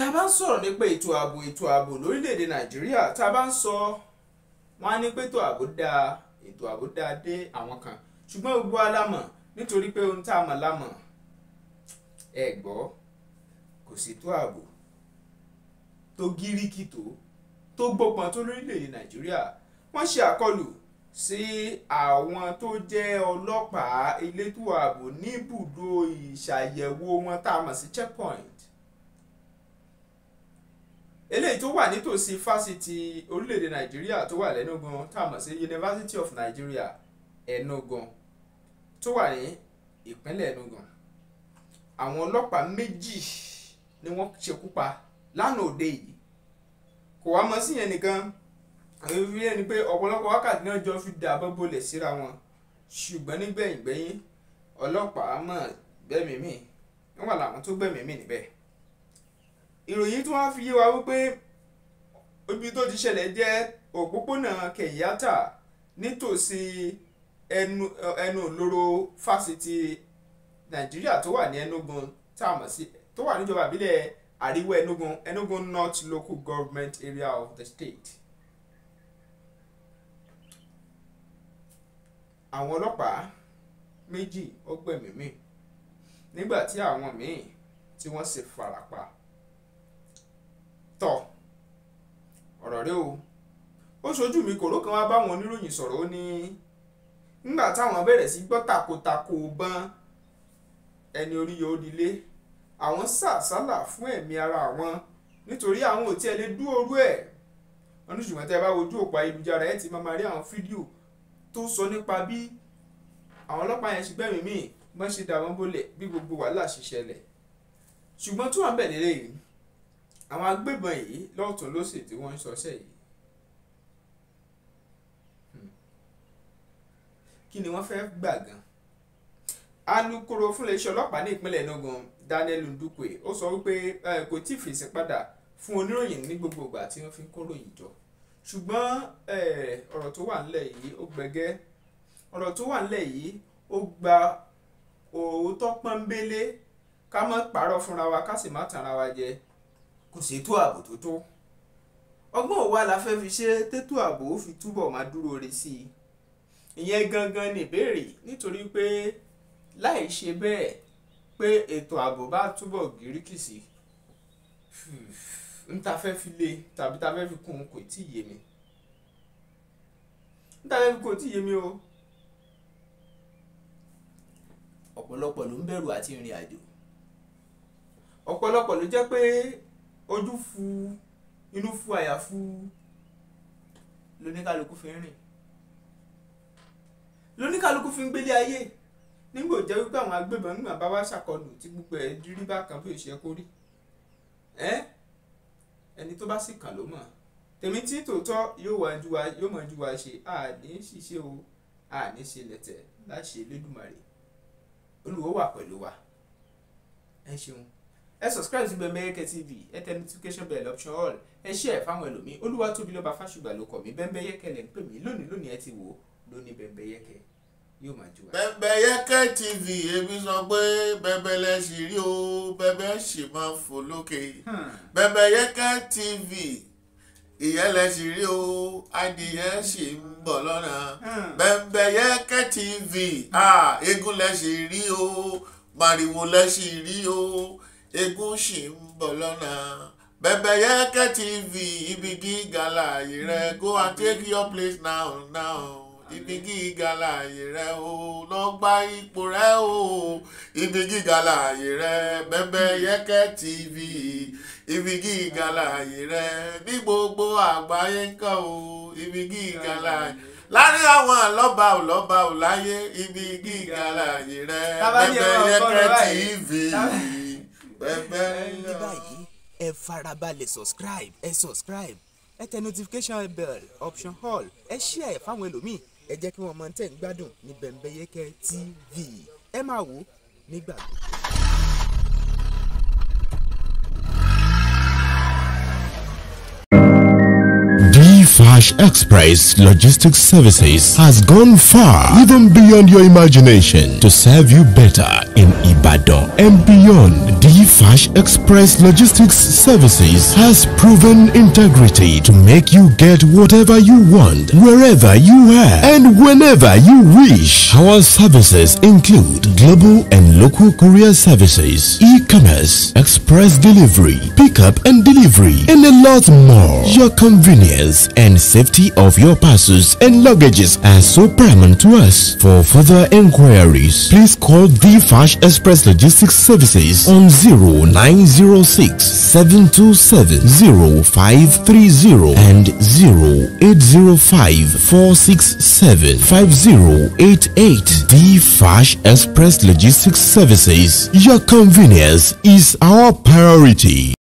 tá a bá ń sọ̀rọ̀ nípa ètò ààbò ètò ààbò lórílẹ̀‐èdè nàìjíríà tá a bá ń sọ wọn á ní pé ètò ààbò dáa ètò ààbò dáa dé àwọn kan ṣùgbọ́n gbogbo wa la mọ̀ nítorí pé ohun tá a mọ̀ la mọ̀ ẹ gbọ́ kò sí ètò ààbò tó gíríkì tó tó gbọ́pọn tó lórílẹ̀‐èdè nàìjíríà wọ́n ṣe àkọlù sí àwọn tó jẹ́ ọlọ́pàá elétò ààbò níbùdó ìṣàyẹ̀wò wọn tá a mọ̀ sí checkpoint eléyìí tó wà nítòsí fásitì orílẹ̀-èdè nàìjíríà tó wà lẹ́nugan tá a mọ̀ sí University of Nigeria Enugan tó wà ní ìpínlẹ̀ Enugan àwọn ọlọ́pàá méjì ni wọ́n ṣekú pa lánàá òde yìí kò wá mọ́ sí yẹn nìkan àwọn ìrírí ẹni pé ọ̀pọ̀lọpọ̀ wákàtí náà jọ fi dàbọ̀ bolẹ̀ síra wọn ṣùgbọ́n nígbẹ̀yìngbẹ̀yìn ọlọ́pàá mọ̀ gbẹ̀mí mi wọ́n wà láwọn tó gbẹ̀mí mi níbẹ̀ ìròyìn tí wọ́n fi yé wa wípé ibi tó ti ṣẹlẹ̀ jẹ́ òpópónà Kenyatta nítòsí ẹnu ẹnu òlóró fásitì Nàìjíríà tó wà ní Enugu tá a mọ̀ sí tó wà níjọba àbílẹ̀ àríwá Enugu Enugu North Local Government Area of the state. àwọn ọlọ́pàá méjì ó gbẹ̀mí mì nígbà tí àwọn míì tí wọ́n sì farapa tọ̀ ọ̀rọ̀ rẹ o ó ṣojú mi kòró kan wá báwọn oníròyìn sọ̀rọ̀ ó ní nígbà táwọn bẹ̀rẹ̀ sí gbọ́ takotako bán ẹni orí yóò dilé àwọn sàsálà fún ẹ̀mí ara àwọn nítorí àwọn ò tí ẹ lè dú orú ẹ̀ wọn ní ṣùgbọ́n tẹ́ ẹ bá wojú òpó ayélujára ẹ̀ ti máa máa rí àwọn fídíò tó sọ nípa bí àwọn ọlọ́pàá yẹn ṣe gbẹ̀mí míì bọ́n ṣe dà wọ́n bọ́lẹ̀ bí gbogbo wàhálà ṣe ṣẹlẹ̀ ṣùgbọ́n tí wọ́n bẹ̀ lélẹ́yìí àwọn agbébọn yìí lọ́tún lósì tí wọ́n ń ṣọṣẹ́ yìí hmm. kí ni wọ́n fẹ́ gbà gan alukoro fúnléeṣẹ́ ọlọ́pàá ní ìpínlẹ̀ Enugu Daniel Ndukwe ó sọ wípé kò tí ì fèsì padà fún oníròyìn ní gbogbo ìgbà tí wọ́n fi ń kóròyìn jọ ṣùgbọ́n ọ̀rọ̀ tó wà nílẹ̀ yìí ó gbẹgẹ́ ọ̀rọ̀ tó wà nílẹ̀ yìí ó gba òótọ́ pọ́nbélé ká má parọ́ fúnra wa ká sì má tanra wa jẹ kò ṣètò ààbò tó tó ọgbọ́n wa la fẹ́ fi ṣe tètò ààbò ó fi túbọ̀ máa dúró re sí i ìyẹn gangan ni ìbéèrè nítorí pé láì ṣe bẹ́ẹ̀ pé ètò ààbò bá túbọ̀ gíríkìsì n ta fẹ́ fi lé tàbí ta fẹ́ fi kún kò tí ì yé mi n ta fẹ́ fi kún kò tí ì yé mi o ọ̀pọ̀lọpọ̀ ló ń bẹ̀rù àti ìrìn àjò ọ̀pọ̀lọpọ̀ ló jẹ́ pé ojú fu inú fu àyà fu lóníkàlùkù fi ń rìn lóníkàlùkù fi ń gbélé ayé nígbò jẹ́ wípé àwọn agbébọn nígbà bá wá ṣàkọlù tí gbogbo ẹ̀ dírí bá kan bí òṣìṣẹ́ kó rí ẹ́ ẹni tó bá sì kàn ló mọ̀ tèmi tí tòótọ́ yóò wá ju wa yóò mọ̀ ju wa ṣe àní ṣiṣẹ́ o àní ṣe lẹ̀tẹ̀ láṣẹ lẹ́dùmarè olùwọ́ wà pẹ̀lú wa ẹ ṣeun ẹ subscribe sí Bembeyeke TV ẹ tẹ notification bell option all ẹ share fáwọn ẹlòmíín Olúwatóbi lọ́ba Fásùgbà ló kọ̀ mí Bembeyeke lẹ́ ń pè mí lónìí lónìí ẹ ti wò ó lónìí Bembeyeke yóò máa jù wá. Bembeyeke TV ebi sọ pé bẹ́bẹ́ lẹ ṣì rí o bẹ́bẹ́ ṣì máa fò lókè hmm. Bembeyeke TV ìyẹn lẹ ṣì rí o adìyẹ ṣì ń bọ̀ lọ́nà hmm. Bembeyeke TV eégún lẹ ṣì rí o màrìwò lẹ ṣì rí o egun ṣì ń bọ̀ lọ́nà. Bembeyeke TV ibi gíga láàyè rẹ go and take your place now now ibi gíga láàyè rẹ o lọ gba ipò rẹ o ibi gíga láàyè rẹ Bembeyeke TV ibi gíga láàyè rẹ ní gbogbo àgbáyé ńkọ́ o ibi gíga láàyè rẹ láàrin àwọn àlọ́ba òlọ́ba òláyé ibi gíga láàyè rẹ Bembeyeke TV pẹ́pẹ́ ní báyìí ẹ farabalẹ̀ subscribe ẹ subscribe ẹ tẹ notification bell option all ẹ share ẹ fáwọn ẹlòmíì ẹ jẹ́ kí wọ́n mọ̀ tẹ̀ ń gbádùn ní Bembeyeke TV ẹ máa wò nígbà gbogbo. Dash Express Logistics Services has gone far, even beyond your imagination, to serve you better in Ibadan and beyond. Dash Express Logistics Services has proven integrity to make you get whatever you want, wherever you are, and whenever you wish. Our services include global and local courier services, e-commerce, express delivery, pickup and delivery, and a lot more. Your convenience and safety of your parcels and luggages are so paramount to us. For further inquiries, please call the Fash Express Logistics Services on 0906 727 0530 and 0805 5088. The Fash Express Logistics Services. Your convenience is our priority.